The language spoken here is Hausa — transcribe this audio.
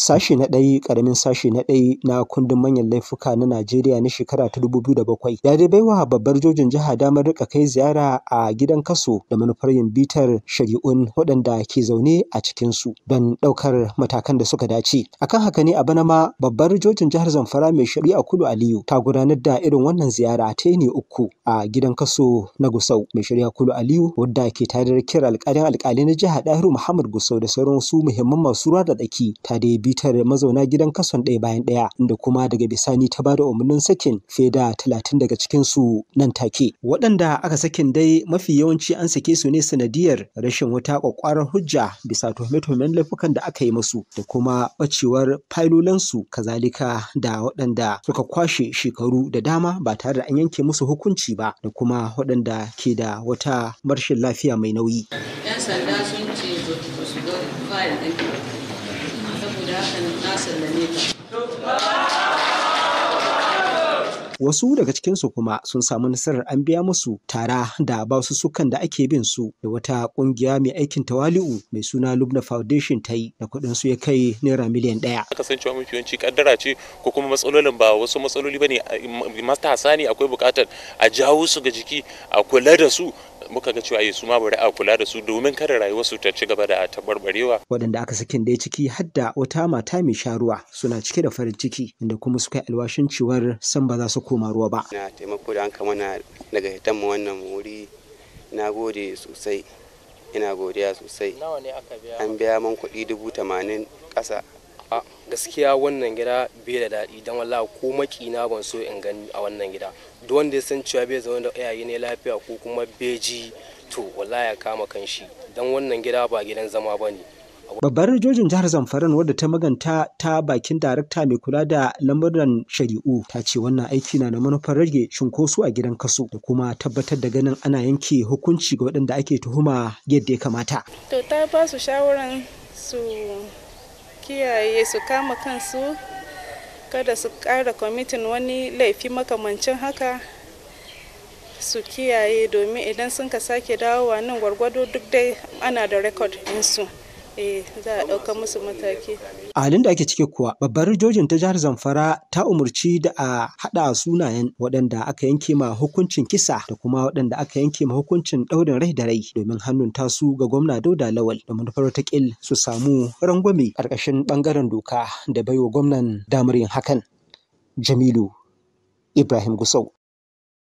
Sashe na ɗaya, ƙaramin Sashe na ɗaya na kundin manyan laifuka na Najeriya na shekara ta dubu biyu da bakwai, ya dai baiwa babbar jojin jiha damar riƙa kai ziyara a gidan kaso da manufar yin bitar shari'un waɗanda ke zaune a cikinsu don ɗaukar matakan da suka dace. Akan haka ne a bana ma babbar jojin jihar Zamfara mai shari'a kudu Aliyu ta gudanar da irin wannan ziyara ta ne uku a gidan kaso na Gusau. Mai shari'a kudu Aliyu wadda ke tare da kiran alƙalin alƙali na jiha ɗahiru Muhammad Gusau da sauran su muhimman masu ruwa da tsaki ta dai bitar mazauna gidan kason ɗaya bayan ɗaya inda kuma daga bisani ta ba da umarnin sakin fiye talatin daga cikinsu nan take. Waɗanda aka sakin dai mafi yawanci an sake su ne sanadiyar rashin wata kwakwarar hujja bisa tuhume-tuhumen laifukan da aka yi musu da kuma ɓacewar failolansu kazalika da waɗanda suka kwashe shekaru da dama ba tare da an yanke musu hukunci ba da kuma waɗanda ke da wata marshin lafiya mai nauyi. 'Yan sanda sun ce ba su wasu daga cikinsu kuma sun samu nasarar an biya musu tara da ba su sukan da ake bin su da wata kungiya mai aikin tawali'u mai suna lubna foundation ta yi da kuɗin su ya kai naira miliyan ɗaya kasancewa mafi yawanci kaddara ce ko kuma matsalolin ba wasu matsaloli bane matasa ne akwai bukatar a jawo su ga jiki a kula da su muka ga cewa su ma bari a kula da su domin kada rayuwarsu ta ci gaba da tabarbarewa. Waɗanda aka sakin da ciki hadda wata mata mai sha ruwa suna cike da farin ciki inda kuma suka yi alwashin ciwon san ba za su koma ruwa ba. Na taimako da an kama na daga hitan mu wannan wuri na gode sosai ina godiya sosai. An biya man kuɗi dubu tamanin ƙasa a gaskiya wannan gida bai da daɗi don wallahi ko makina ban so in gani a wannan gida duk wanda ya san cewa bai zama da iyaye ne lafiya ko kuma beji to wallahi ya kama kanshi don wannan gida ba gidan zama ba ne Babbar jojin jihar Zamfaran wadda ta maganta ta bakin darakta mai kula da lamuran shari'u ta ce wannan aiki na da manufar rage cunkoso a gidan kaso da kuma tabbatar da ganin ana yanke hukunci ga waɗanda ake tuhuma yadda ya kamata. To ta ba su shawaran su kiyaye su kama kansu kada su ƙara kwamitin wani laifi makamancin haka su kiyaye domin idan sun ka sake dawowa nan gwargwado duk dai ana da rekod insu su Eh, a halin da ake ciki kuwa babbar jojin ta jihar Zamfara ta umarci da a haɗa sunayen waɗanda aka yanke ma hukuncin kisa da kuma waɗanda aka yanke ma hukuncin ɗaurin rai da rai domin hannun tasu ga gwamna Dauda Lawal da manufar takil su samu rangwame ƙarƙashin ɓangaren doka da baiwa gwamnan damar yin hakan. Jamilu Ibrahim Gusau